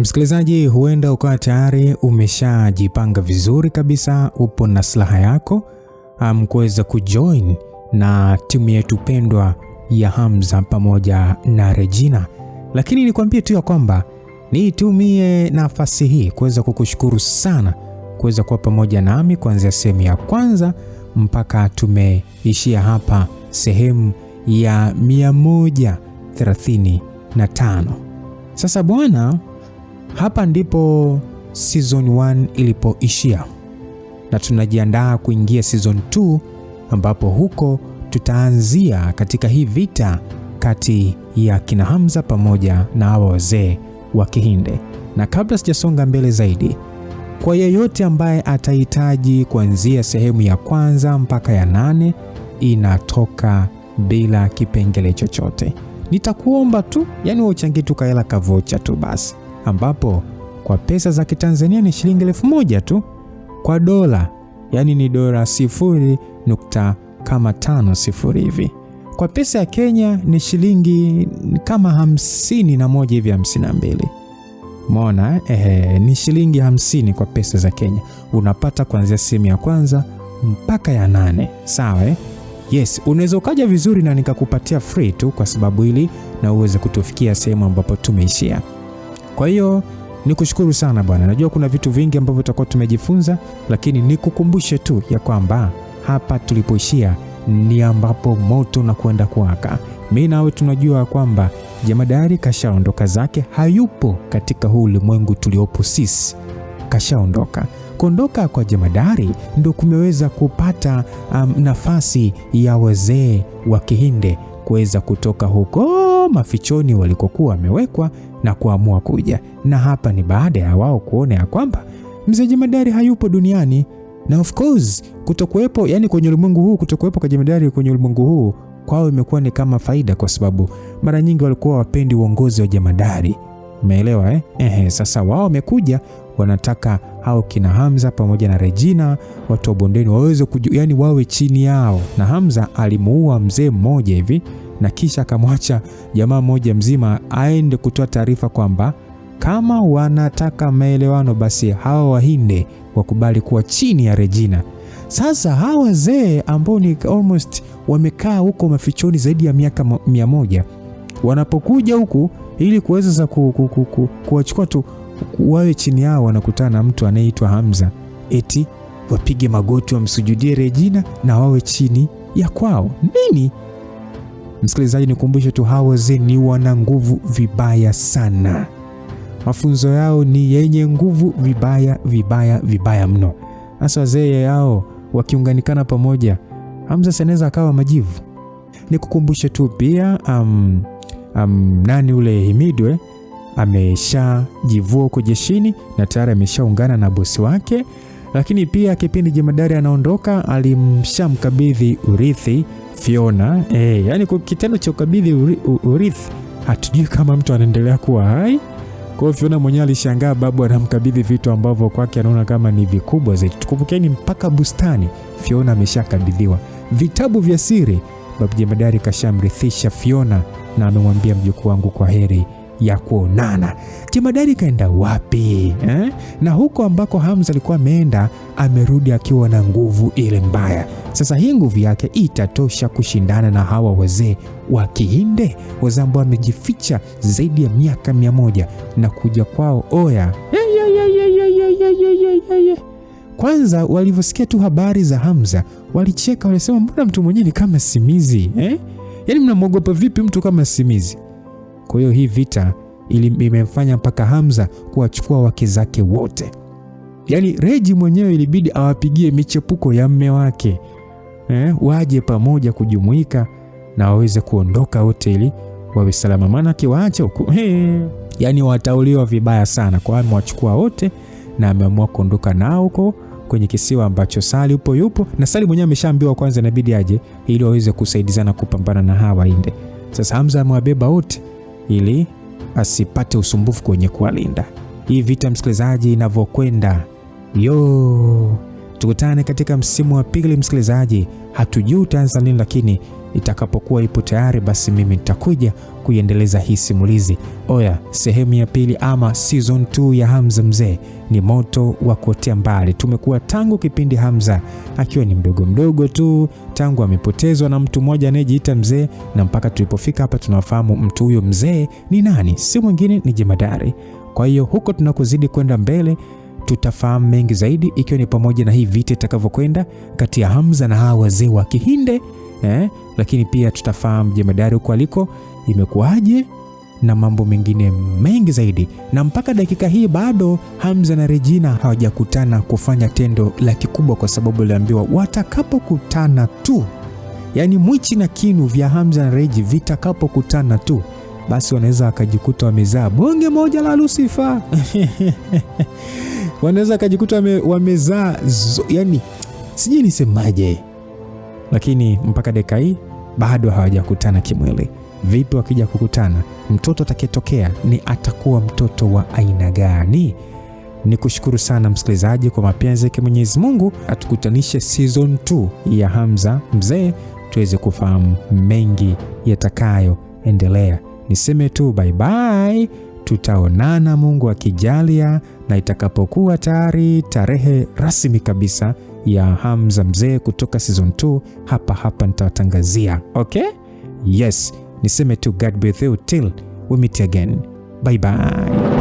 Msikilizaji, huenda ukawa tayari umeshajipanga vizuri kabisa, upo na silaha yako um, kuweza kujoin na timu yetu pendwa ya Hamza pamoja na Regina, lakini nikwambie tu ya kwamba nitumie nafasi hii kuweza kukushukuru sana kuweza kuwa pamoja nami kuanzia sehemu ya kwanza mpaka tumeishia hapa sehemu ya 135. Sasa bwana hapa ndipo season 1 ilipoishia na tunajiandaa kuingia season 2 ambapo huko tutaanzia katika hii vita kati ya kina Hamza pamoja na hawa wazee wa Kihinde. Na kabla sijasonga mbele zaidi, kwa yeyote ambaye atahitaji kuanzia sehemu ya kwanza mpaka ya nane, inatoka bila kipengele chochote. Nitakuomba tu, yani wewe uchangie tu kavocha tu basi ambapo kwa pesa za Kitanzania ni shilingi elfu moja tu kwa dola, yaani ni dola sifuri nukta kama tano sifuri hivi. Kwa pesa ya Kenya ni shilingi kama hamsini na moja hivi, hamsini na mbili Mona eh, ni shilingi hamsini kwa pesa za Kenya unapata kuanzia simu ya kwanza mpaka ya nane. Sawa eh? Yes, unaweza ukaja vizuri na nikakupatia free tu, kwa sababu hili na uweze kutufikia sehemu ambapo tumeishia. Kwa hiyo ni kushukuru sana bwana, najua kuna vitu vingi ambavyo tutakuwa tumejifunza, lakini nikukumbushe tu ya kwamba hapa tulipoishia ni ambapo moto na kwenda kuwaka. mi nawe tunajua kwamba jemadari kashaondoka zake, hayupo katika huu ulimwengu tuliopo sisi, kashaondoka. Kuondoka kwa jemadari ndio kumeweza kupata um, nafasi ya wazee wa Kihinde kuweza kutoka huko mafichoni walikokuwa wamewekwa na kuamua kuja, na hapa ni baada ya wao kuona ya kwamba mzee jemadari hayupo duniani na of course kutokuwepo, yani kwenye ulimwengu huu kutokuwepo kwa jemadari kwenye ulimwengu huu kwao imekuwa ni kama faida, kwa sababu mara nyingi walikuwa wapendi uongozi wa jemadari. Umeelewa eh? Ehe, sasa wao wamekuja wanataka hao kina Hamza pamoja na Regina watu wa bondeni waweze kujua, yani wawe chini yao. Na Hamza alimuua mzee mmoja hivi na kisha akamwacha jamaa mmoja mzima aende kutoa taarifa kwamba kama wanataka maelewano, basi hawa wahinde wakubali kuwa chini ya Regina. Sasa hawa wazee ambao ni almost wamekaa huko mafichoni zaidi ya miaka mia moja wanapokuja huku ili kuweza kuwachukua tu wawe chini yao wanakutana na mtu anayeitwa Hamza, eti wapige magoti wamsujudie Regina na wawe chini ya kwao nini? Msikilizaji, nikumbushe tu hawa wazee ni wana nguvu vibaya sana, mafunzo yao ni yenye nguvu vibaya vibaya vibaya mno, hasa wazee yao wakiunganikana pamoja, Hamza seneza akawa majivu. Nikukumbushe tu pia um, um, nani ule Himidwe ameshajivua huko jeshini na tayari ameshaungana na bosi wake. Lakini pia kipindi jemadari anaondoka, alimshamkabidhi urithi Fiona. E, yani kwa kitendo cha ukabidhi urithi hatujui kama mtu anaendelea kuwa hai. Kwa hiyo Fiona mwenyewe alishangaa babu anamkabidhi vitu ambavyo kwake anaona kama ni vikubwa zaidi. Tukumbukeni, mpaka bustani Fiona ameshakabidhiwa. Vitabu vya siri babu jemadari kashamrithisha Fiona, na amemwambia mjukuu wangu kwa heri ya kuonana. Jemadari kaenda wapi eh? Na huko ambako Hamza alikuwa ameenda amerudi akiwa na nguvu ile mbaya. Sasa hii nguvu yake itatosha kushindana na hawa wazee wa Kihinde, wazee ambao wamejificha zaidi ya miaka mia moja na kuja kwao oya kwanza walivyosikia tu habari za Hamza walicheka, walisema mbona mtu mwenyewe ni kama simizi eh? Yaani mnamwogopa vipi mtu kama simizi? Kwa hiyo hii vita imemfanya mpaka Hamza kuwachukua wake zake wote. Yaani Reji mwenyewe ilibidi awapigie michepuko ya mme wake eh, waje pamoja kujumuika na waweze kuondoka wote ili wawe salama, maana akiwaacha huko yaani watauliwa vibaya sana. Kwa hiyo amewachukua wote na ameamua kuondoka nao huko kwenye kisiwa ambacho Sali upo yupo, na Sali mwenyewe ameshaambiwa kwanza inabidi aje ili waweze kusaidizana kupambana na hawa inde. Sasa Hamza amewabeba wote ili asipate usumbufu kwenye kuwalinda. Hii vita msikilizaji inavyokwenda yo, tukutane katika msimu wa pili msikilizaji. Hatujui utaanza nini, lakini Itakapokuwa ipo tayari, basi mimi nitakuja kuiendeleza hii simulizi. Oya, sehemu ya pili ama season 2 ya Hamza Mzee ni moto wa kuotea mbali. Tumekuwa tangu kipindi Hamza akiwa ni mdogo mdogo tu, tangu amepotezwa na mtu mmoja anayejiita mzee, na mpaka tulipofika hapa tunafahamu mtu huyo mzee ni nani, si mwingine ni Jemadari. Kwa hiyo huko tunakozidi kwenda mbele tutafahamu mengi zaidi, ikiwa ni pamoja na hii vita itakavyokwenda kati ya Hamza na hawa wazee wa Kihinde eh? lakini pia tutafahamu jemadari huko aliko imekuwaje na mambo mengine mengi zaidi. Na mpaka dakika hii bado Hamza na Regina hawajakutana kufanya tendo la kikubwa, kwa sababu aliambiwa watakapokutana tu, yaani mwichi na kinu vya Hamza na Reji vitakapokutana tu, basi wanaweza wakajikuta wamezaa bonge moja la Lusifa wanaweza wakajikuta wamezaa yani sijui nisemaje, lakini mpaka dakika hii bado hawajakutana kimwili. Vipi wakija kukutana, mtoto atakayetokea ni atakuwa mtoto wa aina gani? Ni kushukuru sana msikilizaji kwa mapenzi yake Mwenyezi Mungu, atukutanishe season 2 ya Hamza Mzee tuweze kufahamu mengi yatakayoendelea. Niseme tu bye bye tutaonana Mungu akijalia, na itakapokuwa tayari tarehe rasmi kabisa ya Hamza Mzee kutoka season 2 hapa hapa nitawatangazia. Okay, yes, niseme tu God be with you till we meet again, bye bye.